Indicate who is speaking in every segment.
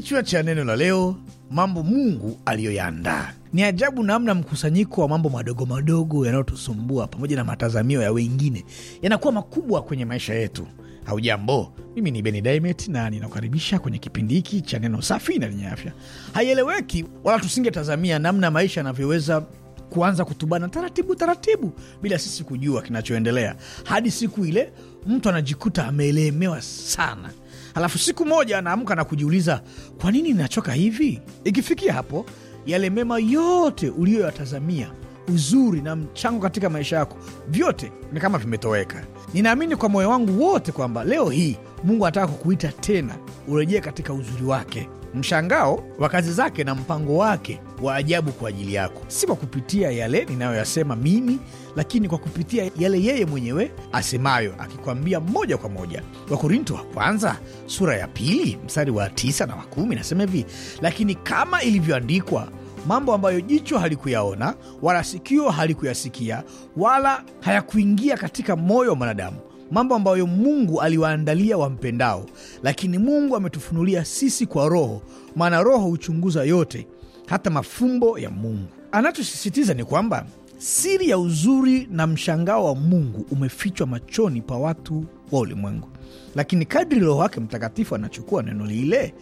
Speaker 1: Kichwa cha neno la leo: mambo Mungu aliyoyaandaa. Ni ajabu namna mkusanyiko wa mambo madogo madogo yanayotusumbua pamoja na matazamio ya wengine yanakuwa makubwa kwenye maisha yetu. Haujambo, mimi ni Beni Dimet na ninakukaribisha kwenye kipindi hiki cha neno safi na lenye afya. Haieleweki wala tusingetazamia namna maisha yanavyoweza kuanza kutubana taratibu taratibu bila sisi kujua kinachoendelea, hadi siku ile mtu anajikuta ameelemewa sana. Halafu siku moja anaamka na kujiuliza, kwa nini inachoka hivi? Ikifikia hapo, yale mema yote uliyoyatazamia uzuri na mchango katika maisha yako, vyote ni kama vimetoweka. Ninaamini kwa moyo wangu wote kwamba leo hii Mungu anataka kukuita tena urejee katika uzuri wake, mshangao wa kazi zake na mpango wake wa ajabu kwa ajili yako, si kwa kupitia yale ninayoyasema mimi, lakini kwa kupitia yale yeye mwenyewe asemayo, akikwambia moja kwa moja. Wakorinto wa kwanza sura ya pili mstari wa tisa na wa kumi nasema hivi: lakini kama ilivyoandikwa, mambo ambayo jicho halikuyaona wala sikio halikuyasikia wala hayakuingia katika moyo wa mwanadamu mambo ambayo Mungu aliwaandalia wampendao, lakini Mungu ametufunulia sisi kwa Roho, maana Roho huchunguza yote, hata mafumbo ya Mungu. Anachosisitiza ni kwamba siri ya uzuri na mshangao wa Mungu umefichwa machoni pa watu wa ulimwengu, lakini kadri Roho wake Mtakatifu anachukua neno lile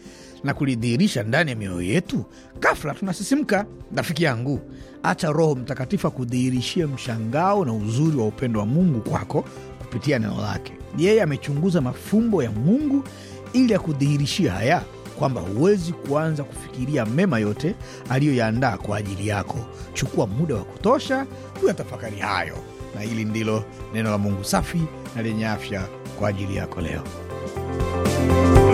Speaker 1: na kulidhihirisha ndani ya mioyo yetu, ghafla tunasisimka. Rafiki yangu, acha Roho Mtakatifu akudhihirishie mshangao na uzuri wa upendo wa Mungu kwako kupitia neno lake. Yeye amechunguza mafumbo ya Mungu ili ya kudhihirishia haya kwamba huwezi kuanza kufikiria mema yote aliyoyaandaa kwa ajili yako. Chukua muda wa kutosha kuyatafakari hayo, na hili ndilo neno la Mungu safi na lenye afya kwa ajili yako leo.